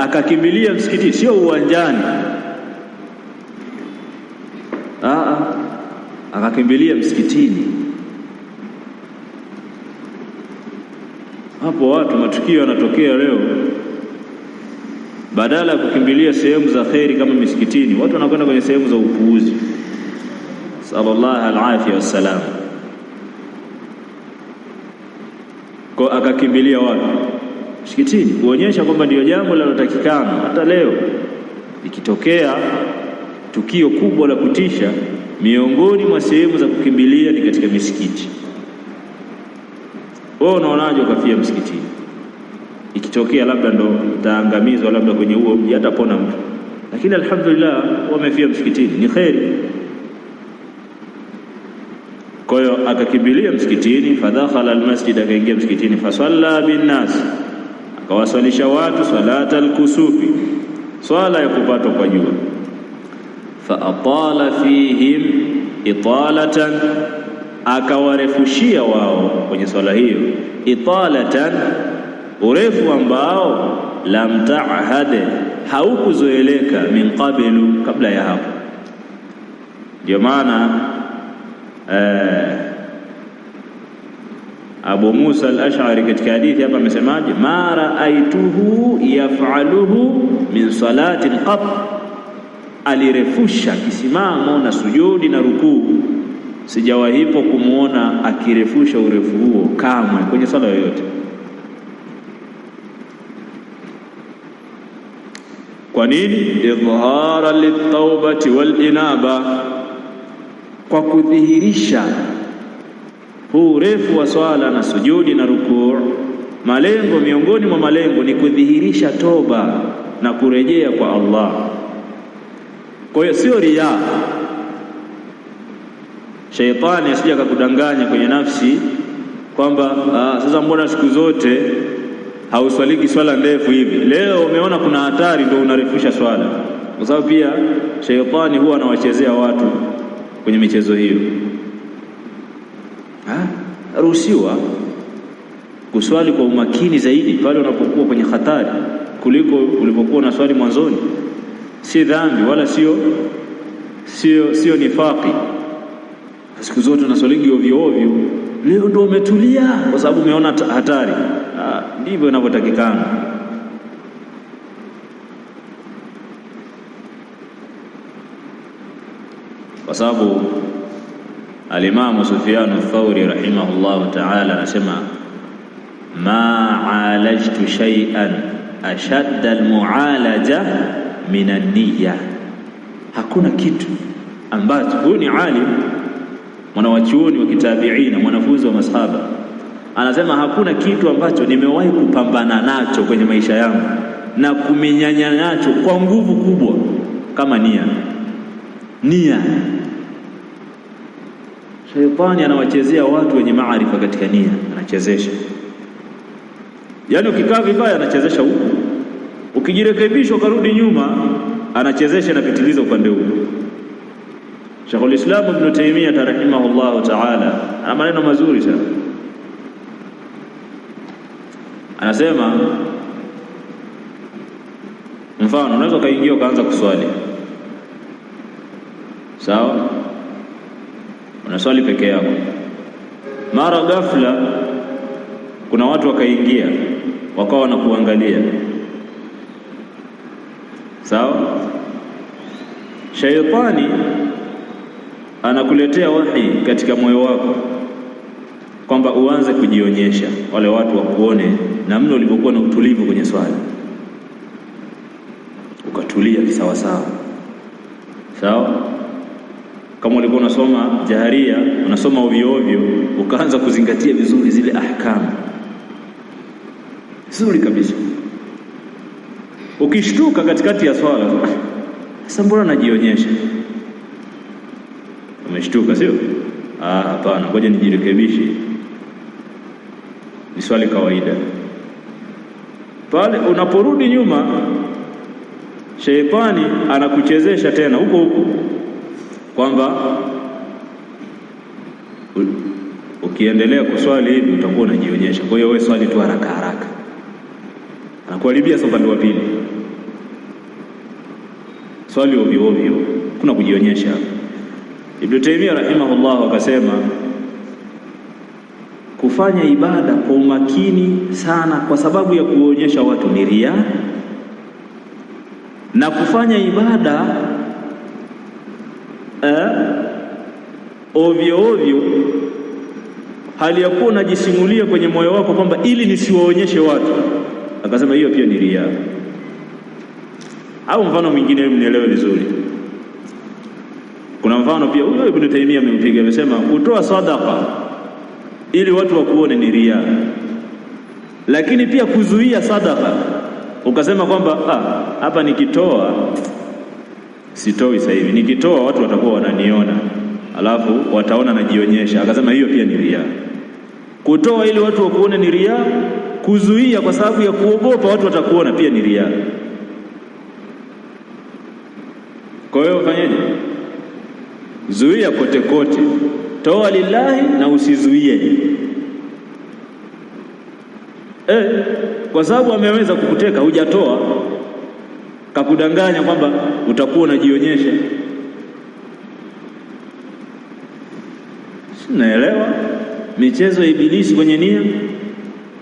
akakimbilia msikitini, sio uwanjani. Ah, ah, akakimbilia msikitini. Hapo watu, matukio yanatokea leo. Badala ya kukimbilia sehemu za kheri kama misikitini, watu wanakwenda kwenye sehemu za upuuzi. Sallallahu alaihi wasallam, kwa akakimbilia watu msikitini, kuonyesha kwamba ndio jambo linalotakikana. Hata leo ikitokea tukio kubwa la kutisha, miongoni mwa sehemu za kukimbilia ni katika misikiti. Wewe unaonaje ukafia msikitini? Ikitokea labda ndo utaangamizwa, labda kwenye huo mji hatapona mtu, lakini alhamdulillah wamefia msikitini, ni kheri. Kwa hiyo akakimbilia msikitini, fadhakhala almasjid, akaingia msikitini, fasalla binnas akawaswalisha watu salata alkusufi, swala ya kupatwa kwa jua. Fa atala fihim italatan, akawarefushia wao kwenye swala hiyo italatan, urefu ambao lam taahad, haukuzoeleka min qablu, kabla ya hapo. Ndio maana eh, Abu Musa al-Ash'ari katika hadithi hapa amesemaje? ma raaituhu yaf'aluhu min salati al-qat, alirefusha kisimamo na sujudi na rukuu, sijawahipo kumwona akirefusha urefu huo kamwe kwenye sala yoyote. Kwa nini? idhhara liltaubati walinaba, kwa kudhihirisha huu urefu wa swala na sujudi na rukuu, malengo miongoni mwa malengo ni kudhihirisha toba na kurejea kwa Allah. Kwa hiyo sio riya, sheitani asije akakudanganya kwenye nafsi kwamba ah, sasa, mbona siku zote hauswaliki swala ndefu hivi, leo umeona kuna hatari ndio unarefusha swala, kwa sababu pia sheitani huwa anawachezea watu kwenye michezo hiyo ruhusiwa kuswali kwa umakini zaidi pale unapokuwa kwenye hatari kuliko ulipokuwa unaswali mwanzoni. Si dhambi wala sio sio sio nifaki. Siku zote unaswali ovyo ovyo, leo ndo umetulia kwa sababu umeona hatari. Ah, ndivyo inavyotakikana. Kwa sababu Alimamu Sufyanu Thauri rahimahullahu taala anasema ma alajtu shay'an ashadda almualaja min an hakuna kitu ambacho. Huyu ni alim mwanawachuoni wa kitabiina, mwanafunzi wa masahaba, anasema hakuna kitu ambacho nimewahi kupambana nacho kwenye maisha yangu na kumenyanya nacho kwa nguvu kubwa kama nia nia Shetani anawachezea watu wenye maarifa katika nia, anachezesha. Yaani ukikaa vibaya anachezesha huku, ukijirekebisha ukarudi nyuma anachezesha na upande huo Sheikhul Islam Ibn Taymiyyah rahimahullahu ta'ala ana maneno mazuri sana, anasema mfano, unaweza ukaingia ukaanza kuswali sawa unaswali peke yako, mara ghafla kuna watu wakaingia wakawa wanakuangalia. Sawa, shaitani anakuletea wahi katika moyo wako kwamba uanze kujionyesha, wale watu wakuone namna ulivyokuwa na utulivu kwenye swali, ukatulia kisawasawa. Sawa, sawa? Kama ulikuwa unasoma jaharia, unasoma ovyo ovyo, ukaanza kuzingatia vizuri zile ahkamu nzuri kabisa, ukishtuka katikati ya swala, sasa mbona najionyesha? Umeshtuka sio? Ah, hapana, ngoja nijirekebishe, ni swali kawaida. Pale unaporudi nyuma, sheitani anakuchezesha tena huko huko kwamba ukiendelea kuswali hivi utakuwa unajionyesha. Kwa hiyo wewe swali tu haraka haraka, anakuharibia sasa upande wa pili. Swali ovyo ovyo, kuna kujionyesha. Ibn Taymiyyah rahimahullah akasema kufanya ibada kwa umakini sana kwa sababu ya kuonyesha watu ni ria, na kufanya ibada eh, ovyo ovyo, hali ya kuwa unajisimulia kwenye moyo wako kwamba ili nisiwaonyeshe watu. Akasema hiyo pia ni ria. Au mfano mwingine, mnielewe vizuri. Kuna mfano pia huyo Ibn Taymiyyah amempiga, amesema kutoa sadaka ili watu wakuone ni ria, lakini pia kuzuia sadaka ukasema kwamba ah, hapa nikitoa sitoi sasa hivi, nikitoa watu watakuwa wananiona, alafu wataona najionyesha, akasema hiyo pia ni ria Kutoa ili watu wakuone ni ria kuzuia kwa sababu ya kuogopa watu watakuona pia ni ria Kwa hiyo fanyeje? Zuia kote kote, toa lillahi na usizuie eh, kwa sababu ameweza kukuteka hujatoa kakudanganya kwamba utakuwa unajionyesha. Sinaelewa michezo ya ibilisi kwenye nia.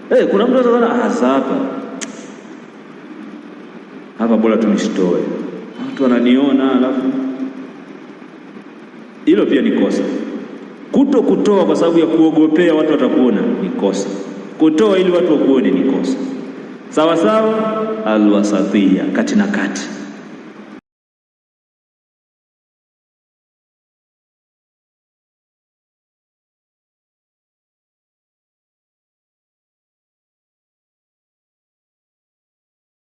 Hey, eh, kuna mtu ah, sasa hapa hapa, bora tunishtoe watu wananiona. Alafu hilo pia ni kosa. Kuto kutoa kwa sababu ya kuogopea watu watakuona ni kosa. Kutoa ili watu wakuone ni kosa sawa sawa, alwasatia kati na kati.